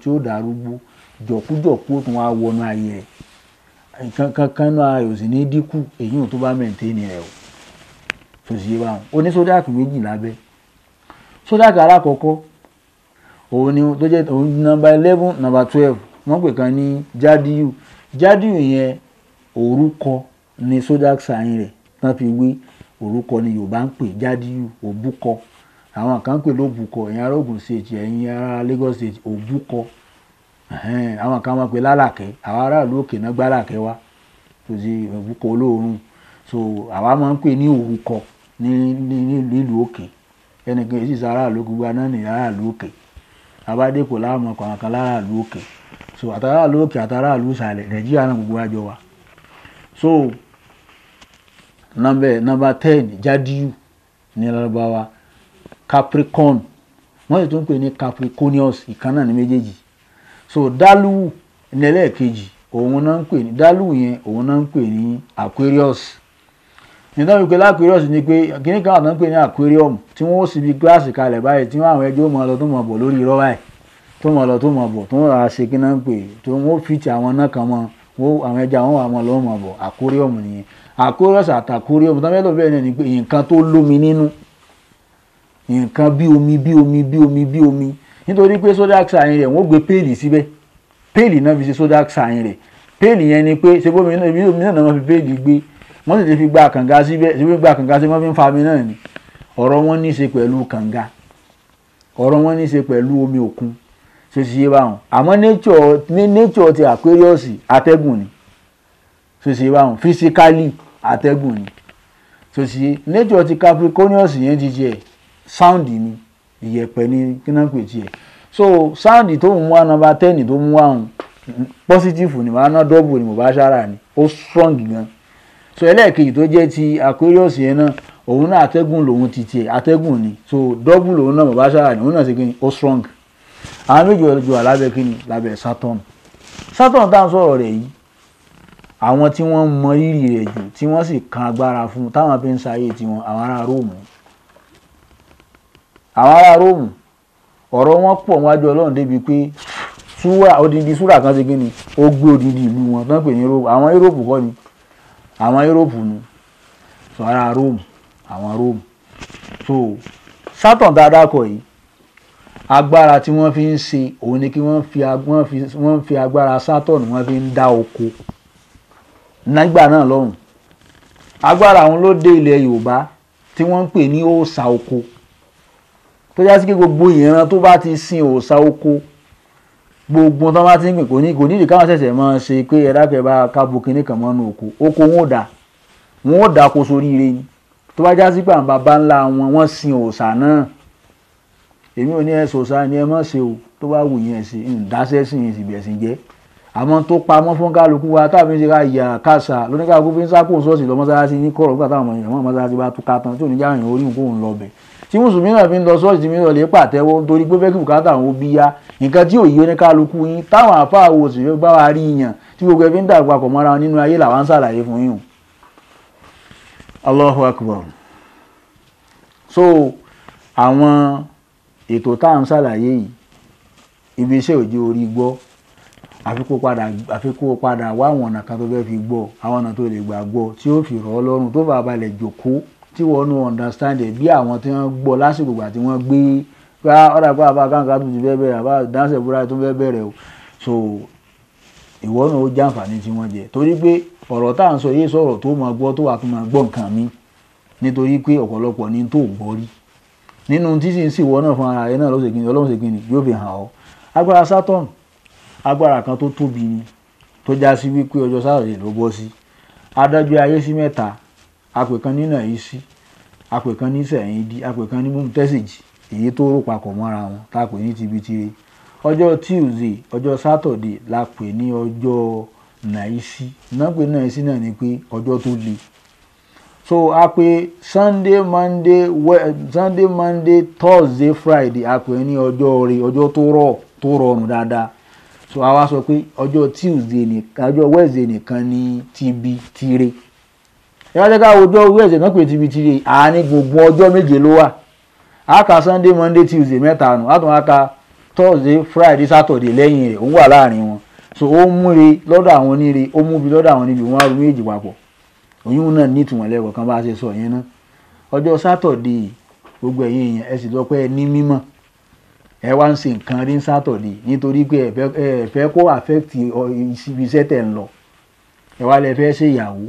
tí ó darúgbó jọ̀kújọ̀kú ó tún wá wọnú ayé ẹ̀ kankan náà ayò sì ní dínkù èyí ò tó bá rẹ̀ o tó sì yé wa hàn ó ní sódàkì méjì lábẹ́ sódàkì alákọ̀ọ́kọ́ òun ni tó jẹ́ òun eleven twelve wọ́n pè kan ní jádìyù jádìyù yẹn orúkọ ni sódàkì àwọn kan pè lóbùkọ ẹ̀yin ará Ògùn stage ẹ̀yin ará Lagos stage òbúkọ àwọn kan máa pè lálàkẹ́ àwọn aráàlú òkè náà gbálàkẹ́ wá tòsí òbúkọ olóòórùn so àwa máa ń pè ní òbúkọ ní nílùú òkè ẹnìkan èyí sì aráàlú gbogbo aná ní aráàlú òkè abádépò láwọn ọkọ̀ àwọn kan láráàlú òkè so àtàráàlú òkè àtàráàlú ìsàlẹ̀ Nàìjíríà náà gbogbo àjọ wa so nọmbẹ ten jadiu ní Lárúbáwá. Capricorn wọ́n sì tún pè ní Capricornius ìkan náà ní méjèèjì so dalu ní ẹlẹ́ẹ̀kejì òun náà ń pè ní dálúwù yẹn òun náà ń pè ní Aquarius nítorí wípé l'Aquarius ni pé kíní kan àtàn pè ní aquarium tí wọ́n ó sì fi gíláàsì kalẹ̀ báyìí tí wọ́n àwọn ẹjọ́ mọ̀ lọ tó mọ̀ bọ̀ lórí irọ́ báyìí tó mọ̀ lọ tó mọ̀ bọ̀ tó ń rà ṣe kíná ń pè tó wọ́n fi ti àwọn náà kan mọ́ àwọn ẹja wọn wà mọ́ lọ́wọ́ mọ̀ bọ̀ aquarium nìyẹn aquarius àtàkùrium tó ń bẹ́ẹ̀ lọ bẹ́ẹ̀ ni pé nǹkan tó lómi nínú nǹkan bí omi bí omi bí omi bí omi nítorí pé sodiac sign rẹ̀ wọ́n gbé péèlì síbẹ̀ péèlì náà fi ṣe sodiac sign rẹ̀ péèlì yẹn ni pé ṣé bómi náà ibi omi náà náà fi péèlì gbé wọ́n sì ti fi gba kànga síbẹ̀ ṣé bí gba kànga síbẹ̀ wọ́n fi ń fa omi náà ni ọ̀rọ̀ wọn ní í ṣe pẹ̀lú kànga ọ̀rọ̀ wọn ní í ṣe pẹ̀lú omi òkun ṣe ṣe báwọn àmọ́ nature ti Aquarius atẹ́gùn ni ṣe ṣe báwọn physically atẹ́gùn ni ṣe ṣe nature ti Capricornus yẹn ti jẹ́ ẹ̀ sound ni ìyẹ̀pẹ̀ ni kí náà pè tiẹ̀ so sound tó mú wá nọ́mbà ten tó mú wá hùn positive ni màá ná double ni mo bá ṣára ni ó strong gan so ẹlẹ́ẹ̀kejì tó jẹ́ ti Aquarius yẹn náà òun náà atẹ́gùn lòun ti tiẹ̀ atẹ́gùn ni so double lòun náà mo bá ṣára ni òun náà ṣe kí ni ó strong àwọn méjì ọjọ́ wà lábẹ́ kí ni lábẹ́ Saturn Saturn tá à ń sọ̀rọ̀ rẹ̀ yìí àwọn tí wọ́n mọ rírì rẹ̀ jù tí wọ́n sì kan agbára fún táwọn fi ń ṣayé àwọn ará róòmù ọ̀rọ̀ wọn pọ̀ níwájú ọlọ́run débi pé súwà odindi súrà kan ṣe kíni ó gbé odindi ìlú wọn tán pè ní róòmù àwọn yúróòpù kọ́ ni àwọn yúróòpù nu sọ ará róòmù àwọn róòmù so sátán dáadáa kọ yìí agbára tí wọ́n fi ń ṣe òun ni kí wọ́n fi agbára sátán wọ́n fi ń dá oko nígbà náà lọ́hùn agbára àwọn ló dé ilẹ̀ yorùbá tí wọ́n ń pè ní òòṣà oko tó yá sí pé gbogbo ìran tó bá ti sin òòṣà oko gbogbo tó bá ti ń pè kò ní kò ní ìdíkàwọn ṣẹ̀ṣẹ̀ máa ṣe pé ẹ̀dá pẹ̀ bá kínní kan mọ́nú oko oko wọn ò dà wọn ò dà kó sórí ire ni tó bá já sí pé àwọn baba ńlá wọn wọ́n sin òòṣà náà èmi ò ní ẹ̀ sòòṣà ni ẹ má ṣe o tó bá wù yín ẹ̀ sí ìdáṣẹ́ sí yín sì bẹ̀ sí jẹ́ àmọ́ tó pamọ́ fún kálukú wa táàbí ṣe ká yà kásà lóníkàlùkù fi ń sá kóun sọ́ọ̀sì lọ ní kọ̀rọ̀ nígbà táwọn ọmọ ìyàwó mọ́sálásí bá tú ká tán tí ò ní jáwèé orí òun kóun lọ bẹ̀ tí mùsùlùmí náà fi ń lọ ṣọ́ọ̀ṣì mi lọ lè pàtẹ́wọ́ nítorí pé fẹ́ẹ́ kí bùkátà òun bí yá nǹkan tí òye oníkálukú yín táwọn àáfàá wo sì fẹ́ bá wa rí yàn tí gbogbo ẹbí ń dàgbà pọ̀ mọ́ra nínú ayé làwọn ń ṣàlàyé fún yín. Allahu akbar so àwọn ètò tá à ń ṣàlàyé yìí ibi iṣẹ́ òjò orí gbọ́ àfikún padà àfikún padà wá àwọn ọ̀nà kan tó fẹ́ fi gbọ́ àwọn ọ̀nà tó lè gbà gbọ́ tí ó fi rọ̀ ọ́ lọ́rùn tó fà balẹ̀ jòkó tí wọ́n nu understand ẹ̀ bí àwọn tí wọ́n gbọ́ lásìkò ìgbà tí wọ́n gbé rà ah, ọ̀dà pé àbá kankan tó ti fẹ́ bẹ̀rẹ̀ àbá dáńsẹ̀ búra tó fẹ́ bẹ̀rẹ̀ o so ìwọ náà ó jàǹfààní tí wọ́n jẹ torí pé ọ̀rọ̀ tá à ń sọ yé sọ̀rọ̀ tó máa gbọ́ tó wà tó máa gbọ́ nǹkan mi nítorí pé ọ̀pọ̀lọpọ̀ ni tó gbọ́ rí nínú tí sì ń sì wọ́n náà fún ara rẹ náà lọ́sẹ̀ kìíní ọlọ́run ṣe kìíní yóò fi hàn ọ́ agbára Saturn agbára kan tó tóbi ni tó já sí wípé ọjọ́ sátọ̀dẹ̀ ló bọ́ sí adájọ́ ayé sí mẹ́ta apè kan ní nàìjírísí apè kan ní sẹ̀yìndí apè kan ní mọ́mútẹ́sìjì èyí tó rò papọ̀ mọ́ra wọn tá a pè ní tibitire ọjọ́ tuesday ọjọ́ saturday la pè ní ọjọ́ nàìjírísí náà na náà ni le so a pe sunday monday sunday friday a ní ọjọ́ ọjọ́ tó rọ̀ so a wá sọ pé ọjọ́ tuesday nìkan ìwádìí ká ọjọ́ owó ẹ̀sẹ̀ náà pè tibitiri àárín gbogbo ọjọ́ méje ló wà á ka sunday monday tuesday mẹ́ta nù á tún á ka thursday friday saturday lẹ́yìn rẹ̀ òun wà láàrin wọn so ó múre lọ́dọ̀ àwọn oníre ó múbi lọ́dọ̀ àwọn oníbi wọn á rú méjì papọ̀ oyún náà ní ìtumọ̀ lẹ́kọ̀ọ́ kan bá ṣe sọ yẹn náà ọjọ́ saturday gbogbo ẹ̀yin èèyàn ẹ sì lọ pé ẹ ní mímọ́ ẹ wá ń ṣe nǹkan rí saturday nítorí pé ẹ fẹ́ kó affect ibi iṣẹ́ tẹ̀ ń lọ ẹ wá lẹ fẹ́ ṣèyàwó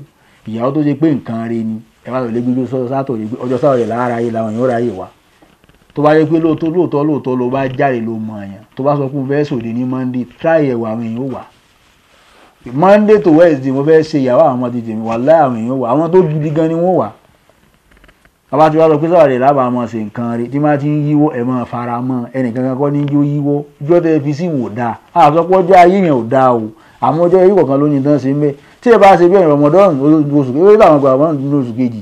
ìyàwó tó ṣe pé nǹkan rẹ ni ẹ bá lọ lé gbígbó sátọ̀ rẹ ọjọ́ sátọ̀ rẹ lára yìí làwọn èèyàn ráyè wá tó bá yẹ pé lóòótọ́ lóòótọ́ lóòótọ́ ló bá jáde ló mọ àyàn tó bá sọ pé mo fẹ́ sòde ní monday try ẹ̀wọ̀ àwọn èèyàn wà monday to wednesday mo fẹ́ ṣe ìyàwó àwọn ọmọdé tèmi wà láì àwọn èèyàn wà àwọn tó gidi gan ni wọ́n wà bàbá tí wàá sọ pé sọ̀rọ̀ rẹ̀ lábàá máa ṣe nǹkan rẹ̀ tí máa ti ń yíwọ́ ẹ̀ máa fara mọ́ ẹnìkan kan kọ́ ní yóò yíwọ́ ìjọ́ tẹ́ fi sí wò dáa àsọpọ̀ ọjọ́ ayé yẹn ò dáa o àmọ́ ọjọ́ ayé kọ̀ọ̀kan tán ṣe ń bẹ́ẹ̀ tí ẹ bá ṣe bẹ́ẹ̀ rọmọdọ́nù oṣù kejì làwọn gbà wọ́n nínú oṣù kejì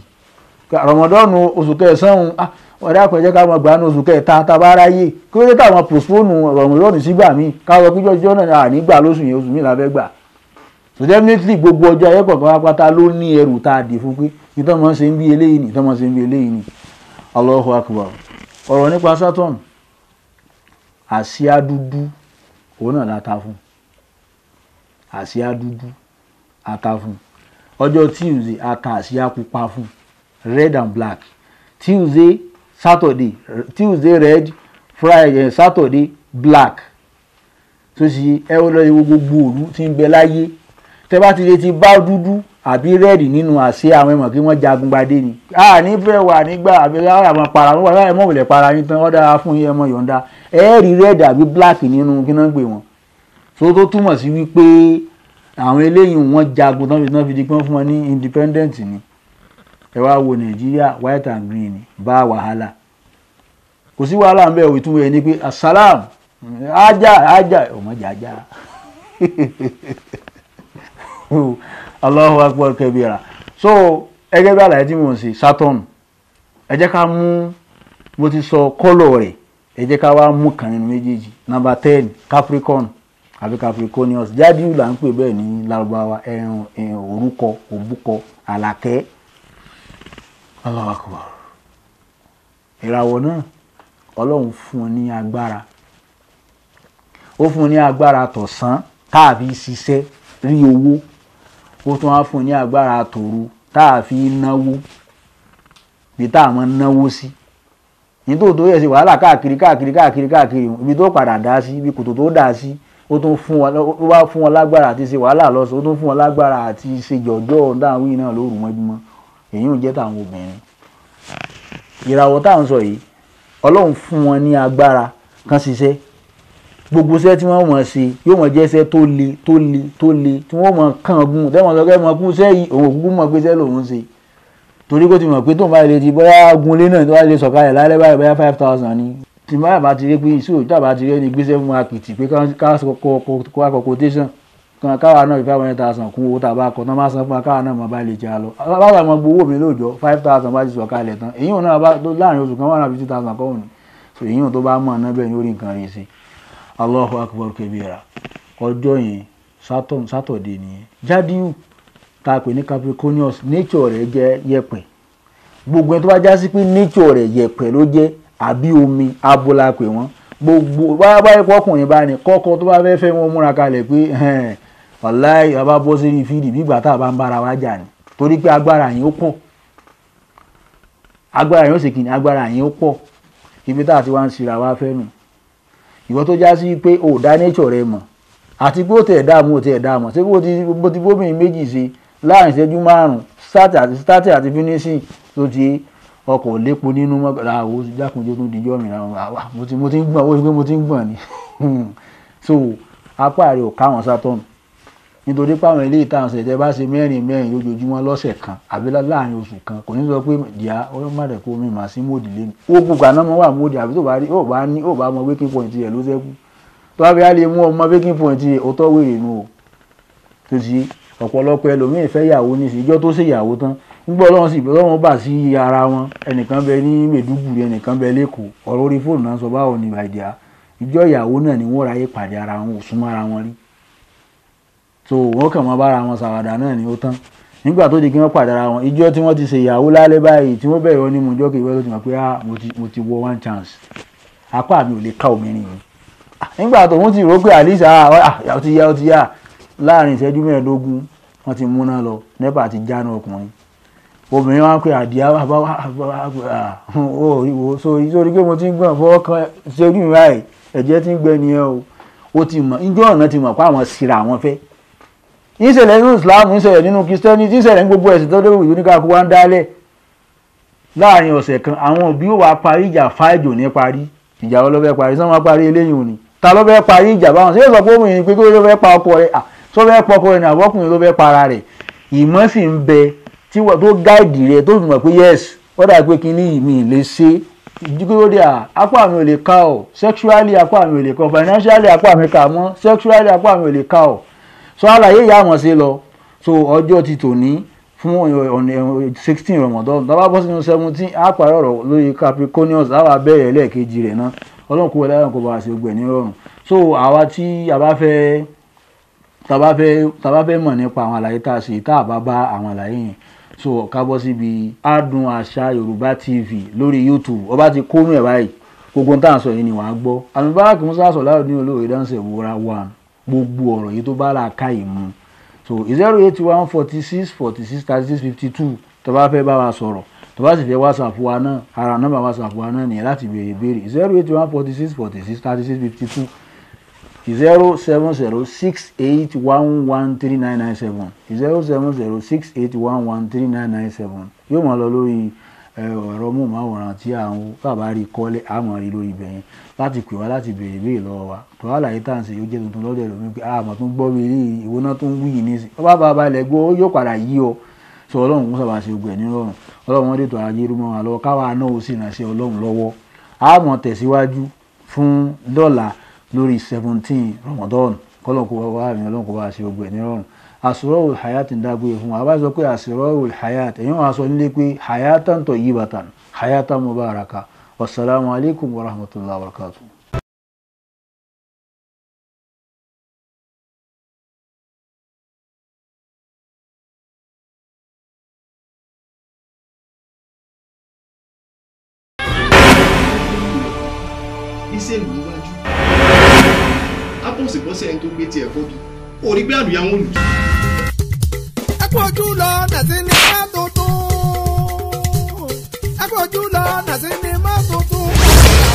rọmọdọ́nù oṣù kẹsàn-án ah, wọ́n dá pẹ̀jẹ́ ká máa gbà ní oṣù kẹta tabara yé kí ló dé táwọn postpone rọmọdọ́nù sígbà míì ká sọ pé jọjọ́ náà à gbà lóṣù yẹn oṣù mi là fẹ́ gbà so definitely gbogbo ọjọ́ ayé kọ̀ọ̀kan pátá ló ní ẹrù tá a dè fún pé ìtọ́ mọ̀ ṣe ń bí eléyìí ni ìtọ́ mọ̀ ṣe ń bí eléyìí ni Allahu akbar ọ̀rọ̀ nípa Saturn àsíá dúdú òun náà la ta fún àsíá dúdú aka fún ọjọ́ tuesday aka àsíá pupa fún red and black tuesday saturday tuesday red friday eh, saturday black tó sì ẹ ó lọ gbogbo òru tí ń bẹ láyé tẹ bá ti lè ti bá dúdú àbí rẹ́ẹ̀dì nínú àṣẹ àwọn ẹ̀mọ̀ kí wọ́n jagun gbadé ni a ní fẹ́ wà nígbà àbí àwọn para wọn wà ẹ̀mọ̀ òwìlẹ̀ para yín tán wọ́n dára fún yín ẹ̀mọ̀ yọ̀ǹda ẹ̀ rí rẹ́ẹ̀dì àbí black nínú kí náà gbé wọn tó tó túmọ̀ sí wípé àwọn eléyìí wọ́n jagun tán fi tán fi di pé wọ́n fún wọn ní independent ni ẹ wá wo nàìjíríà white and green bá wàhálà kò sí wàhálà ń bẹ̀ òwe tún wẹ̀ ni pé asalaam ajá ajá ọmọdé ajá Allahu akbar kabira so ẹgẹ́ bí àlàyé tí mò ń ṣe Saturn ẹ jẹ́ ká mú mo ti sọ kọ́lọ̀ rẹ̀ ẹ jẹ́ ká wá mú kan nínú méjèèjì number ten Capricorn àbí capricornius jádìú là ń pè bẹ́ẹ̀ ní lárúbáwá ẹ̀rùn ẹ̀rùn orúkọ òbúkọ àlàkẹ́ Allahu Akbar ìràwọ̀ náà ọlọ́run fún un ní agbára ó fún un ní agbára tọ̀sán káàfi ṣiṣẹ́ rí owó ó tún á fún un ní agbára tòru káàfi náwó bí tá a máa náwó sí nítorí tó yẹ sí wàhálà káàkiri káàkiri káàkiri káàkiri ibi tó padà dá sí ibi kòtò tó dá sí. Si ó tún fún wọn ó wá fún wọn lágbára àti ṣe wàhálà lọ́sọ̀ ó tún fún wọn lágbára àti ṣe jọ̀jọ́ dáhùn náà lóru mọ́júmọ́ èyí ò jẹ́ tàwọn obìnrin ìràwọ̀ tá à ń sọ yìí ọlọ́run fún wọn ní agbára kan ṣiṣẹ́ gbogbo iṣẹ́ tí wọ́n mọ̀ ṣe yóò mọ̀ jẹ́ iṣẹ́ tó le tó le tó le tí wọ́n mọ̀ kàn gùn tẹ́wọ̀n sọ kẹ́mọ̀ kú iṣẹ́ yìí òun òkú mọ̀ pé iṣẹ́ lòun ṣe torí kó ti mọ̀ pé tóun bá lè ti bóyá gunlé náà tó bá lè sọ̀kalẹ̀ lálẹ́ báyìí bóyá five thousand ni tí má bàbá ti rí pé ìṣòro tábà ti rí ẹni gbéṣẹ́ fún apìtì pé ká kọ́kọ́ tẹ̀sán kan káwa náà five hundred thousand kún owó tàbá kọ tán bá san fún wa káwa náà mọ bá lè jẹ àlọ báwa mọ gbowó mi lóòjọ́ five thousand bá ti sọ kalẹ̀ tán èyí ò náà bá tó láàrin oṣù kan one hundred fifty thousand kọ́ òní so èyí ò tó bá mọ̀ náà bẹ́ẹ̀ ni ó rí nǹkan rí sí Allahu akbar kebira ọjọ́ yẹn sátọ̀dé nìyẹn jádìú ta pè ní Capricornius nature rẹ̀ jẹ́ yẹ̀pẹ̀ gbogbo ẹni tó bá já sí pé nature rẹ̀ yẹ̀pẹ̀ ló jẹ́ àbí omi abo la pè wọ́n gbogbo báyìí pọ́kùnrin bá ní kọ́kọ́ tó bá fẹ́ fẹ́ wọn múra kalẹ̀ pé wàláì bàbá bọ́ sí fídì bí ìgbà tá a bá ń bára wa jà ni torí pé agbára yín ó pọ̀ agbára yín ó sì kìíní agbára yín ó pọ̀ ibi tá a ti wá ń sira wá fẹ́ nù ìwọ tó já sí pé ò dá nature rẹ mọ̀ àti pé ó tẹ̀ dààmú ó tẹ̀ dààmú ṣé bó ti bó ti bóbìnrin méjì ṣe láàrin ìṣẹ́jú márùn-ún start àti finish ló ti ọkọ̀ lépo nínú mọ́gbàlá àwọn jákùnjó tó dijọ́ mi àwọn mo ti ń gbọ̀n ó ṣe pé mo ti ń gbọ̀n ni so apá rẹ̀ ò káwọn sátọ́nù nítorí páwọn ilé ìtàn ṣẹ̀ṣẹ̀ bá ṣe mẹ́rin mẹ́rin lójoojúmọ́ lọ́sẹ̀ kan àbí láàrin oṣù kan kò ní sọ pé díà ọlọ́run má dẹ̀ kó mi mà sí mòdì lé mi ó gbogbo àná mọ́ wà mòdì àbí tó bá rí ó bá ní ó bá mọ baking point rẹ̀ ló ṣẹ́kù tó bá fi á lè mú ọmọ baking point rẹ̀ ó tọ́ wèrè o tó ti ọ̀pọ̀lọpọ̀ ẹlòmíì fẹ́ yàwó nísìnyí ìjọ tó ṣèyàwó tán nígbà ọlọ́run sì ọlọ́run bà sí ara wọn ẹnìkan bẹ ní mẹ̀dúgùrì ẹnìkan bẹ lẹ́kọ̀ọ́ ọ̀rọ̀ orí fóònù náà sọ báwo ni ìbàdíà ìjọ ìyàwó náà ni wọ́n ráyè pàdé ara wọn ò súnmọ́ ara wọn rí so wọ́n kàn máa bára wọn ṣàwàdà náà ni ó tán nígbà tó di kí wọ́n pàdé ara wọn ìjọ tí wọ́n ti ṣe ìyàwó lálẹ́ báyìí tí wọ́n bẹ̀rẹ̀ ní mọ̀jọ́ kí one chance apá mi ò lè ká obìnrin yìí ah, nígbà tó wọ́n ti rò pé àlísà ah, ah, ó ti yá ó ti yá láàrin múná lọ nẹ́pà ti jáná ọkùnrin obìnrin wa ń pe àdìyá wa bá wà ó ìwò sórí sórí pé mo ti ń gbọ́n fọwọ́ kan ṣerú ìwà ẹ̀ ẹ̀jẹ̀ ti ń gbẹ nìyẹn o ó ti mọ̀ ijó ọ̀nà ti mọ̀ pé àwọn síra àwọn fẹ́ ìṣẹ̀lẹ̀ nínú Islam ìṣẹ̀lẹ̀ nínú kristẹni ìṣẹ̀lẹ̀ ní gbogbo ẹ̀sìn tó dé òyìnbó ní káàkó wa ń dálẹ̀ láàrin ọ̀sẹ̀ kan àwọn òbí ò wá parí ìjà fáìjò ní parí ìjà wọn ló fẹ́ parí sọ́n wọn parí eléyìí òní ta ló fẹ́ parí ìjà báwọn ṣé sọ pé obìnrin pé kí ló fẹ́ pa ọkọ rẹ̀ à tó fẹ́ pa ọkọ rẹ̀ ní àbọ́kùnrin ló fẹ́ para rẹ̀ ìmọ̀ sì ń bẹ tí wọ́n tó gáìdì rẹ̀ tó mọ̀ pé yes wọ́n dà pé kí ní ìmì lè ṣe dígbòdì à apá ò lè ka ọ̀ sexually apá mi ò lè ka financially apá mi kà mọ́ sexually apá mi ò lè ka ọ̀ sọ àlàyé ìyá àwọn ṣe lọ so ọjọ́ ti tò ní fún sixteen ramadan tá a bá bọ́ sínú seventeen á parí ọ̀rọ̀ lórí capricornius á wà bẹ̀rẹ̀ lẹ́ẹ̀kejì rẹ̀ náà ọlọ́run kó wọlé ayọ̀ kó bá a ṣe gbẹ̀ ní rọrùn so àwa tí a bá fẹ́ tá a bá fẹ́ mọ̀ nípa àwọn àlàyé tá a ṣe tá a bá bá àwọn àlàyé yẹn so ká bọ́ síbi adùn àṣà yorùbá tv lórí youtube ọba ti kónú ẹ̀ báyìí gbogbo tá à ń sọ yìí ni wàá gbọ́ àmì bárakì musa sọ láàrin ní olóòwe dáńsẹ̀ wúra wà gbogbo ọ̀rọ̀ yìí tó bá là ká yìí mu so zero eight one forty six forty six thirty six fifty two tó bá fẹ́ bá wa sọ̀rọ̀ tó bá sì fẹ́ whatsapp wa náà ara nọ́mbà whatsapp wa náà nìyẹn láti béèrè béèrè zero eight one forty six forty six thirty six fifty two zero seven zero six eight one one three nine nine seven zero seven zero six eight one one three nine nine seven yóò máa lọ lórí ẹ̀rọ móhùnmáwòrán tí àwọn bàbá rí kọ́lé àmọ́ rí lórí ibẹ̀ yẹn láti pè wá láti béèrè béèrè lọ́wọ́ wa tó àlàyé tá à ń ṣe yóò jẹ́ tuntun lọ́dọ̀ ẹ̀rọ mi pé ah, àmọ́ tó ń gbọ́ mi rí ìwọ náà tó ń wúyì ní sí bàbá bàbá ilẹ̀ gbọ́ yóò padà yí ọ sọ ọlọ́run kó sábà ṣe gbẹ̀ nírọ̀rùn ọlọ́run wọn dètò ayé rúmọ́ wa lọ́wọ́ káwa náà ó sì ràn sí ọlọ́run lọ́wọ́ àmọ́ tẹ̀síwájú fún dọ́là lórí seventeen Ramadan kọ́lọ́kù wá àmì ọlọ́kù bá a ṣe gbogbo ẹ̀ nírọ̀rùn àsùrọ̀wò hayat ń dágbé fún wa a bá sọ pé hayat èyí wọn sọ nílé pé hayatan tayyibatan hayatan mubaraka wasalaamu alaykum wa rahmatullahi wa barakatuh. iṣẹ́ ìlú wájú tó sì gbọ́ sí ẹni tó gbé tiẹ̀ kọ́gi ó rí pé àlùyá wọn lù. ẹ kú ojú lọ nàìjí ní má tuntun ẹ kú ojú lọ nàìjí ní má tuntun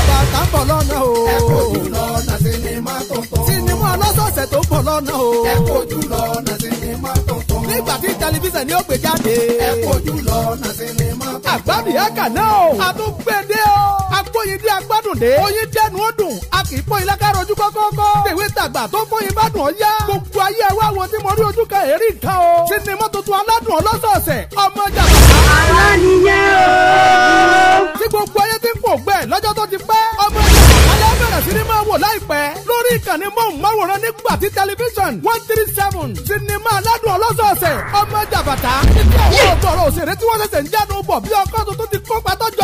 bàbá tá ń bọ̀ lọ́nà o. ẹ kú ojú lọ nàìjí ní má tuntun. sinimá ọlọ́sọ̀ọ̀sẹ̀ tó ń bọ̀ lọ́nà o. ẹ kú ojú lọ nàìjí ní má tuntun. nígbà tí tẹlifíṣàn ni ó gbé jáde. ẹ kú ojú lọ nàìjí ní má tuntun. àgbàdo yẹn kà náà o. a tún gbé dé o bóyin dé agbádùn dé. oyin dẹnu ó dùn a kì í pọ́ ilé ká rojú kọ́kọ́kọ́. tèwe tàgbà tó bóyin bá dùn ọ yá. gbogbo ayé wa wo tí mo rí ojú kan èrí nǹkan o. sinimá tuntun aládùn ọlọ́sọ̀ọ̀sẹ̀ ọmọ jàpá. ara nìyẹn o. tí gbogbo ayé ti ń pò gbẹ lọ́jọ́ tó ti pẹ́. ọmọ jàpá alẹ́ bẹ̀rẹ̀ sinimá wò láìpẹ́. lórí ìkànnì mọ̀hùnmáwòrán nígbà tí tẹlifíṣàn one three seven sinimá aládùn ọlọ́sọ̀ọ̀sẹ̀ ọmọ jàbàtà. ìdí àwọn ọ̀gọ̀rọ̀ òṣèré tí wọ́n ṣẹ̀ṣẹ̀ ń jánu bọ̀ bí ọkọ̀ tuntun ti kópa tọ́jọ́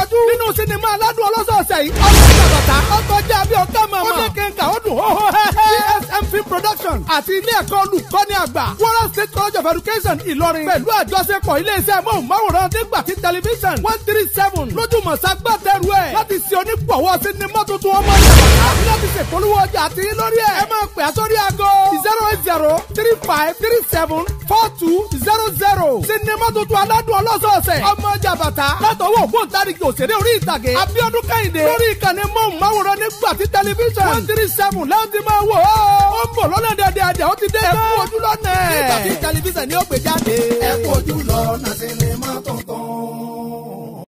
nínú sinimá aládùn ọlọ́sọ̀ọ̀sẹ̀ yìí. ọlọ́sẹ̀ bàtà ọkọjá bí ọ̀gá màmá. ó ní kéńkà ó dùn hóhó hẹ́hẹ́. dsm film production àti ilé ẹ̀kọ́ olùkọ́ni àgbà. Kwara State College of Education Ìlọrin. pẹ̀lú àjọṣepọ̀ iléeṣẹ́ móhùnmáwòrán nígbàtí tẹlifíṣàn one three seven lójúmọ̀sá gbàtẹ́rù ẹ̀. láti ṣe onígbọ̀wọ́ sinimá tuntun ọmọ ìyàwó. láti ṣèpolówó ọjà àti lórí ẹ̀. ẹ máa pè sórí aago zero zero three five three seven four two zero zero. sinimá tuntun aládùn ọlọ́sọ̀ọ̀sẹ̀. ọmọ jàbàtà látọwọ́ ògbóǹtarìgì òṣèré orí ìtàgé. Abíọ́dún Kẹ́hìndé lórí ìkànnì mọ́hùnmáwòrán nígbà tí tẹlifíṣàn. one three seven láti máa wò ó. ó ń bọ̀ lọ́nà dẹ̀dẹ̀ àdẹ̀ ó ti dé. ẹ kú ojú lọ́nà ẹ̀. nígbà tí tẹlifíṣàn ni ó gbé jáde. ẹ kú ojú lọ́nà sinimá tuntun.